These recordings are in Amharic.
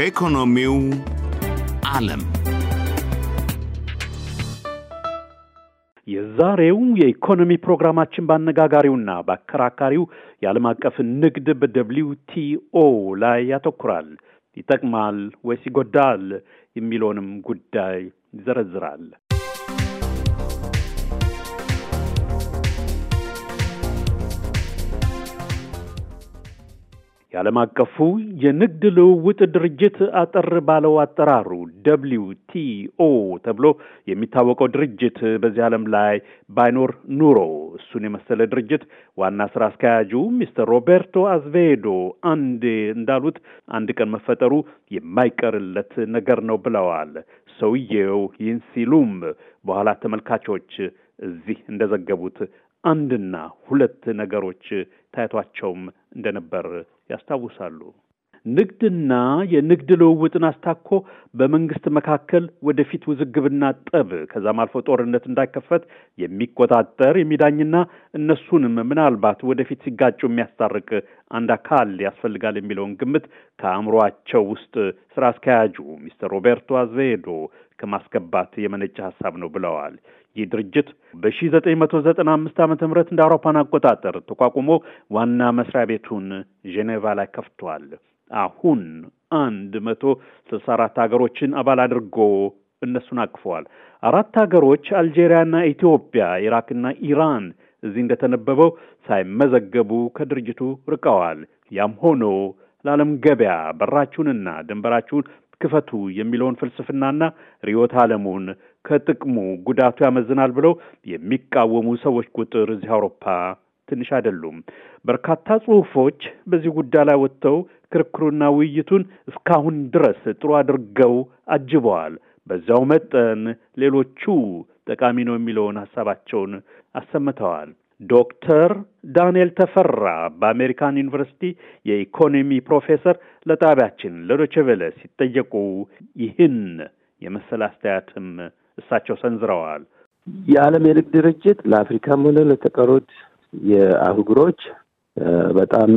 ከኢኮኖሚው ዓለም የዛሬው የኢኮኖሚ ፕሮግራማችን በአነጋጋሪውና በአከራካሪው የዓለም አቀፍ ንግድ በደብሊው ቲኦ ላይ ያተኩራል። ይጠቅማል ወይስ ይጎዳል የሚለውንም ጉዳይ ይዘረዝራል። የዓለም አቀፉ የንግድ ልውውጥ ድርጅት አጠር ባለው አጠራሩ ደብሊው ቲኦ ተብሎ የሚታወቀው ድርጅት በዚህ ዓለም ላይ ባይኖር ኑሮ እሱን የመሰለ ድርጅት ዋና ስራ አስኪያጁ ሚስተር ሮቤርቶ አዝቬዶ አንድ እንዳሉት አንድ ቀን መፈጠሩ የማይቀርለት ነገር ነው ብለዋል። ሰውየው ይህን ሲሉም በኋላ ተመልካቾች እዚህ እንደዘገቡት አንድና ሁለት ነገሮች ታይቷቸውም እንደነበር ያስታውሳሉ። ንግድና የንግድ ልውውጥን አስታኮ በመንግስት መካከል ወደፊት ውዝግብና ጠብ ከዛም አልፎ ጦርነት እንዳይከፈት የሚቆጣጠር የሚዳኝና እነሱንም ምናልባት ወደፊት ሲጋጩ የሚያስታርቅ አንድ አካል ያስፈልጋል የሚለውን ግምት ከአእምሯቸው ውስጥ ስራ አስኪያጁ ሚስተር ሮቤርቶ አዘዶ ከማስገባት የመነጨ ሀሳብ ነው ብለዋል። ይህ ድርጅት በ1995 ዓ ም እንደ አውሮፓን አቆጣጠር ተቋቁሞ ዋና መስሪያ ቤቱን ጄኔቫ ላይ ከፍቷል። አሁን አንድ መቶ ስልሳ አራት ሀገሮችን አባል አድርጎ እነሱን አቅፈዋል። አራት ሀገሮች አልጄሪያና ኢትዮጵያ፣ ኢራክና ኢራን እዚህ እንደተነበበው ሳይመዘገቡ ከድርጅቱ ርቀዋል። ያም ሆኖ ለዓለም ገበያ በራችሁንና ድንበራችሁን ክፈቱ የሚለውን ፍልስፍናና ርዕዮተ ዓለሙን ከጥቅሙ ጉዳቱ ያመዝናል ብለው የሚቃወሙ ሰዎች ቁጥር እዚህ አውሮፓ ትንሽ አይደሉም። በርካታ ጽሑፎች በዚህ ጉዳይ ላይ ወጥተው ክርክሩና ውይይቱን እስካሁን ድረስ ጥሩ አድርገው አጅበዋል። በዚያው መጠን ሌሎቹ ጠቃሚ ነው የሚለውን ሀሳባቸውን አሰምተዋል። ዶክተር ዳንኤል ተፈራ በአሜሪካን ዩኒቨርሲቲ የኢኮኖሚ ፕሮፌሰር ለጣቢያችን ለዶቼ ቬለ ሲጠየቁ ይህን የመሰል አስተያየትም እሳቸው ሰንዝረዋል። የዓለም የንግድ ድርጅት ለአፍሪካም ሆነ ለተቀሩት የአህጉሮች በጣም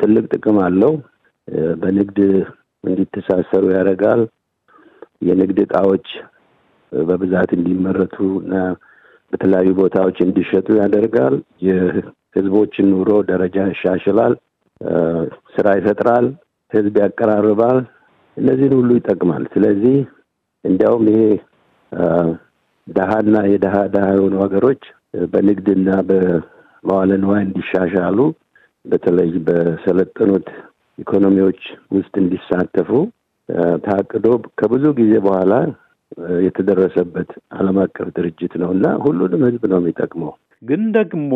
ትልቅ ጥቅም አለው። በንግድ እንዲተሳሰሩ ያደርጋል። የንግድ እቃዎች በብዛት እንዲመረቱ እና በተለያዩ ቦታዎች እንዲሸጡ ያደርጋል። የህዝቦችን ኑሮ ደረጃ ያሻሽላል። ስራ ይፈጥራል። ህዝብ ያቀራርባል። እነዚህን ሁሉ ይጠቅማል። ስለዚህ እንዲያውም ይሄ ደሀና የደሀ ደሀ የሆኑ ሀገሮች በንግድና በመዋለ ንዋይ እንዲሻሻሉ በተለይ በሰለጠኑት ኢኮኖሚዎች ውስጥ እንዲሳተፉ ታቅዶ ከብዙ ጊዜ በኋላ የተደረሰበት ዓለም አቀፍ ድርጅት ነው እና ሁሉንም ህዝብ ነው የሚጠቅመው። ግን ደግሞ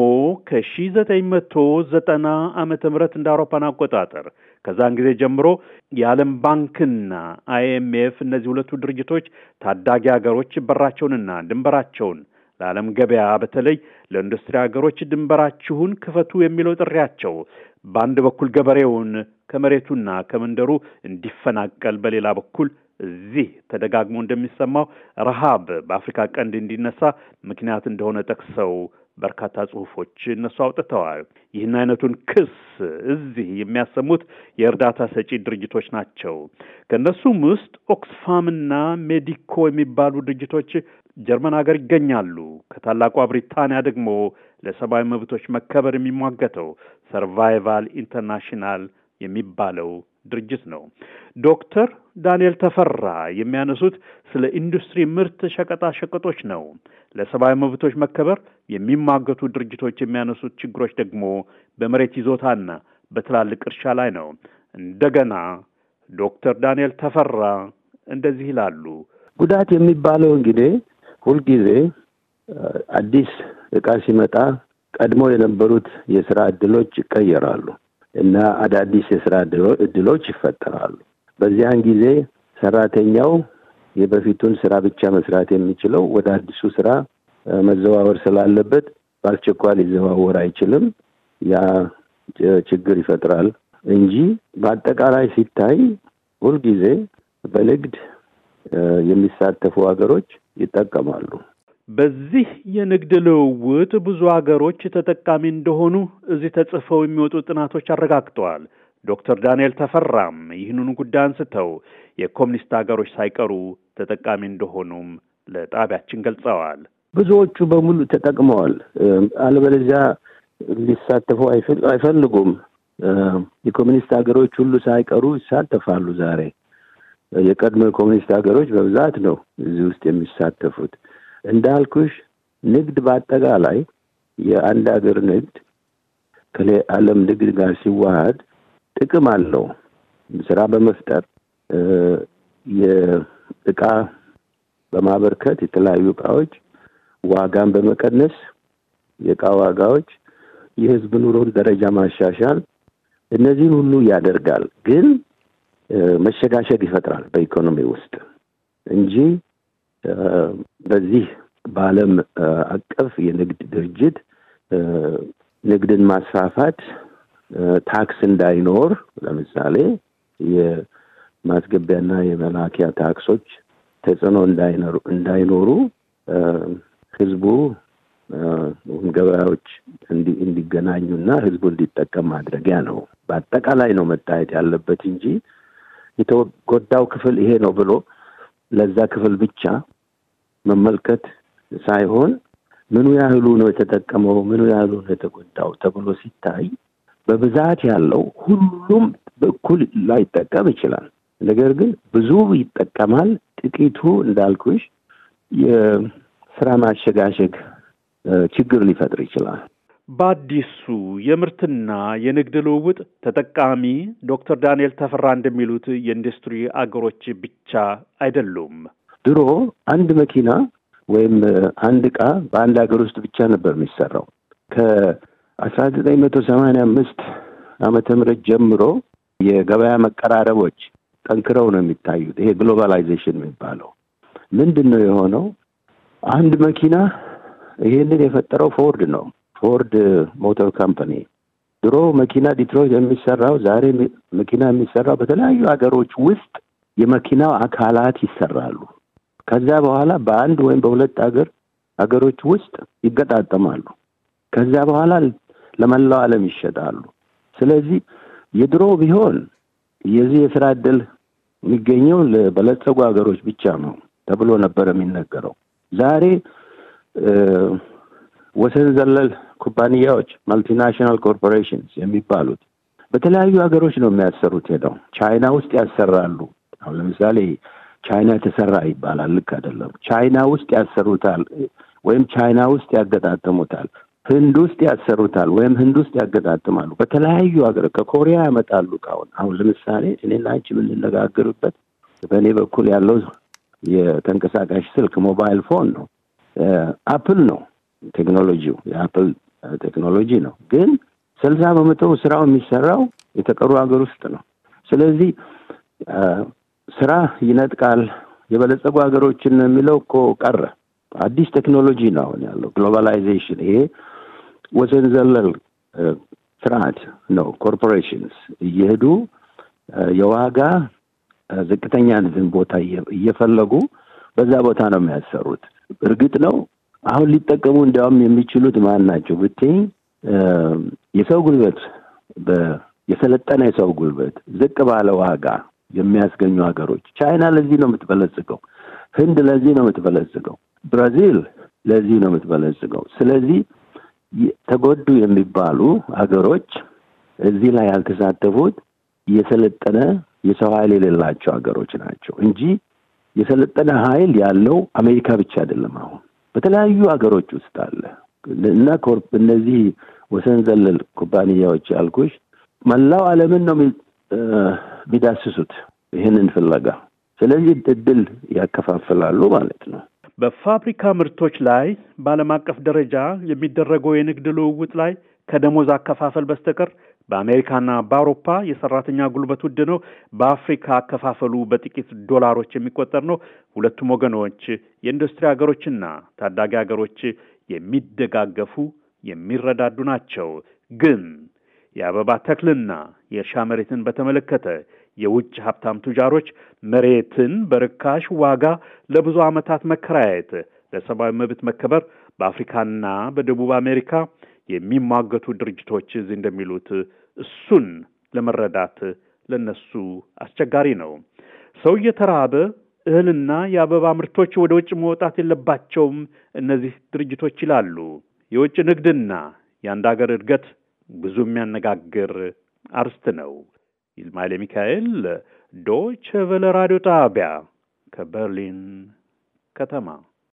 ከ1990 ዓ ምህረት እንደ አውሮፓን አቆጣጠር ከዛን ጊዜ ጀምሮ የዓለም ባንክና አይኤምኤፍ እነዚህ ሁለቱ ድርጅቶች ታዳጊ ሀገሮች በራቸውንና ድንበራቸውን ለዓለም ገበያ በተለይ ለኢንዱስትሪ ሀገሮች ድንበራችሁን ክፈቱ የሚለው ጥሪያቸው በአንድ በኩል ገበሬውን ከመሬቱና ከመንደሩ እንዲፈናቀል፣ በሌላ በኩል እዚህ ተደጋግሞ እንደሚሰማው ረሃብ በአፍሪካ ቀንድ እንዲነሳ ምክንያት እንደሆነ ጠቅሰው በርካታ ጽሁፎች እነሱ አውጥተዋል። ይህን አይነቱን ክስ እዚህ የሚያሰሙት የእርዳታ ሰጪ ድርጅቶች ናቸው። ከእነሱም ውስጥ ኦክስፋምና ሜዲኮ የሚባሉ ድርጅቶች ጀርመን ሀገር ይገኛሉ። ከታላቋ ብሪታንያ ደግሞ ለሰብአዊ መብቶች መከበር የሚሟገተው ሰርቫይቫል ኢንተርናሽናል የሚባለው ድርጅት ነው። ዶክተር ዳንኤል ተፈራ የሚያነሱት ስለ ኢንዱስትሪ ምርት ሸቀጣ ሸቀጦች ነው። ለሰብአዊ መብቶች መከበር የሚሟገቱ ድርጅቶች የሚያነሱት ችግሮች ደግሞ በመሬት ይዞታና በትላልቅ እርሻ ላይ ነው። እንደገና ዶክተር ዳንኤል ተፈራ እንደዚህ ይላሉ። ጉዳት የሚባለው እንግዲህ ሁልጊዜ አዲስ እቃ ሲመጣ ቀድሞ የነበሩት የስራ እድሎች ይቀየራሉ። እና አዳዲስ የስራ እድሎች ይፈጠራሉ። በዚያን ጊዜ ሰራተኛው የበፊቱን ስራ ብቻ መስራት የሚችለው ወደ አዲሱ ስራ መዘዋወር ስላለበት በአስቸኳይ ሊዘዋወር አይችልም። ያ ችግር ይፈጥራል እንጂ በአጠቃላይ ሲታይ ሁልጊዜ በንግድ የሚሳተፉ ሀገሮች ይጠቀማሉ። በዚህ የንግድ ልውውጥ ብዙ አገሮች ተጠቃሚ እንደሆኑ እዚህ ተጽፈው የሚወጡ ጥናቶች አረጋግጠዋል። ዶክተር ዳንኤል ተፈራም ይህንኑ ጉዳይ አንስተው የኮሚኒስት አገሮች ሳይቀሩ ተጠቃሚ እንደሆኑም ለጣቢያችን ገልጸዋል። ብዙዎቹ በሙሉ ተጠቅመዋል። አለበለዚያ ሊሳተፉ አይፈልጉም። የኮሚኒስት ሀገሮች ሁሉ ሳይቀሩ ይሳተፋሉ። ዛሬ የቀድሞ የኮሚኒስት ሀገሮች በብዛት ነው እዚህ ውስጥ የሚሳተፉት። እንዳልኩሽ ንግድ በአጠቃላይ የአንድ ሀገር ንግድ ከዓለም ንግድ ጋር ሲዋሃድ ጥቅም አለው። ስራ በመፍጠር የእቃ በማበርከት የተለያዩ እቃዎች ዋጋን በመቀነስ የእቃ ዋጋዎች፣ የህዝብ ኑሮን ደረጃ ማሻሻል፣ እነዚህን ሁሉ ያደርጋል። ግን መሸጋሸግ ይፈጥራል በኢኮኖሚ ውስጥ እንጂ በዚህ በዓለም አቀፍ የንግድ ድርጅት ንግድን ማስፋፋት ታክስ እንዳይኖር ለምሳሌ የማስገቢያና የመላኪያ ታክሶች ተጽዕኖ እንዳይኖሩ ህዝቡ ገበያዎች እንዲገናኙና ህዝቡ እንዲጠቀም ማድረጊያ ነው። በአጠቃላይ ነው መታየት ያለበት እንጂ የተጎዳው ክፍል ይሄ ነው ብሎ ለዛ ክፍል ብቻ መመልከት ሳይሆን ምኑ ያህሉ ነው የተጠቀመው፣ ምኑ ያህሉ ነው የተጎዳው ተብሎ ሲታይ በብዛት ያለው ሁሉም በኩል ላይጠቀም ይችላል። ነገር ግን ብዙ ይጠቀማል፣ ጥቂቱ እንዳልኩሽ የስራ ማሸጋሸግ ችግር ሊፈጥር ይችላል። በአዲሱ የምርትና የንግድ ልውውጥ ተጠቃሚ ዶክተር ዳንኤል ተፈራ እንደሚሉት የኢንዱስትሪ አገሮች ብቻ አይደሉም። ድሮ አንድ መኪና ወይም አንድ እቃ በአንድ ሀገር ውስጥ ብቻ ነበር የሚሰራው። ከአስራ ዘጠኝ መቶ ሰማንያ አምስት ዓመተ ምህረት ጀምሮ የገበያ መቀራረቦች ጠንክረው ነው የሚታዩት። ይሄ ግሎባላይዜሽን የሚባለው ምንድን ነው የሆነው? አንድ መኪና ይሄንን የፈጠረው ፎርድ ነው። ፎርድ ሞተር ካምፓኒ ድሮ መኪና ዲትሮይት የሚሰራው ዛሬ መኪና የሚሰራው በተለያዩ ሀገሮች ውስጥ የመኪናው አካላት ይሰራሉ። ከዛ በኋላ በአንድ ወይም በሁለት ሀገር ሀገሮች ውስጥ ይገጣጠማሉ። ከዛ በኋላ ለመላው ዓለም ይሸጣሉ። ስለዚህ የድሮ ቢሆን የዚህ የስራ ዕድል የሚገኘው ለበለጸጉ ሀገሮች ብቻ ነው ተብሎ ነበር የሚነገረው ዛሬ ወሰን ዘለል ኩባንያዎች ማልቲናሽናል ኮርፖሬሽንስ የሚባሉት በተለያዩ ሀገሮች ነው የሚያሰሩት። ሄደው ቻይና ውስጥ ያሰራሉ። አሁን ለምሳሌ ቻይና የተሰራ ይባላል። ልክ አይደለም። ቻይና ውስጥ ያሰሩታል ወይም ቻይና ውስጥ ያገጣጥሙታል። ህንድ ውስጥ ያሰሩታል ወይም ህንድ ውስጥ ያገጣጥማሉ። በተለያዩ ሀገር ከኮሪያ ያመጣሉ። ካሁን አሁን ለምሳሌ እኔና አንቺ የምንነጋገርበት በእኔ በኩል ያለው የተንቀሳቃሽ ስልክ ሞባይል ፎን ነው፣ አፕል ነው። ቴክኖሎጂው የአፕል ቴክኖሎጂ ነው። ግን ስልሳ በመቶ ስራው የሚሰራው የተቀሩ ሀገር ውስጥ ነው። ስለዚህ ስራ ይነጥቃል። የበለጸጉ ሀገሮችን የሚለው እኮ ቀረ። አዲስ ቴክኖሎጂ ነው አሁን ያለው ግሎባላይዜሽን። ይሄ ወሰን ዘለል ስርዓት ነው። ኮርፖሬሽንስ እየሄዱ የዋጋ ዝቅተኛ ቦታ እየፈለጉ በዛ ቦታ ነው የሚያሰሩት። እርግጥ ነው አሁን ሊጠቀሙ እንዲያውም የሚችሉት ማን ናቸው ብትይ የሰው ጉልበት የሰለጠነ የሰው ጉልበት ዝቅ ባለ ዋጋ የሚያስገኙ ሀገሮች። ቻይና ለዚህ ነው የምትበለጽገው። ህንድ ለዚህ ነው የምትበለጽገው። ብራዚል ለዚህ ነው የምትበለጽገው። ስለዚህ ተጎዱ የሚባሉ ሀገሮች እዚህ ላይ ያልተሳተፉት የሰለጠነ የሰው ኃይል የሌላቸው ሀገሮች ናቸው እንጂ የሰለጠነ ኃይል ያለው አሜሪካ ብቻ አይደለም አሁን በተለያዩ ሀገሮች ውስጥ አለ እና እነዚህ ወሰን ዘለል ኩባንያዎች ያልኩሽ መላው አለምን ነው የሚዳስሱት ይህንን ፍለጋ። ስለዚህ እድል ያከፋፍላሉ ማለት ነው። በፋብሪካ ምርቶች ላይ በአለም አቀፍ ደረጃ የሚደረገው የንግድ ልውውጥ ላይ ከደሞዝ አከፋፈል በስተቀር በአሜሪካና በአውሮፓ የሰራተኛ ጉልበት ውድ ነው። በአፍሪካ አከፋፈሉ በጥቂት ዶላሮች የሚቆጠር ነው። ሁለቱም ወገኖች የኢንዱስትሪ ሀገሮችና ታዳጊ ሀገሮች የሚደጋገፉ የሚረዳዱ ናቸው። ግን የአበባ ተክልና የእርሻ መሬትን በተመለከተ የውጭ ሀብታም ቱጃሮች መሬትን በርካሽ ዋጋ ለብዙ ዓመታት መከራየት ለሰብአዊ መብት መከበር በአፍሪካና በደቡብ አሜሪካ የሚሟገቱ ድርጅቶች እዚህ እንደሚሉት እሱን ለመረዳት ለነሱ አስቸጋሪ ነው። ሰው እየተራበ እህልና የአበባ ምርቶች ወደ ውጭ መውጣት የለባቸውም እነዚህ ድርጅቶች ይላሉ። የውጭ ንግድና የአንድ አገር እድገት ብዙ የሚያነጋግር አርስት ነው። ይልማ ሚካኤል ዶች ቨለ ራዲዮ ጣቢያ ከበርሊን ከተማ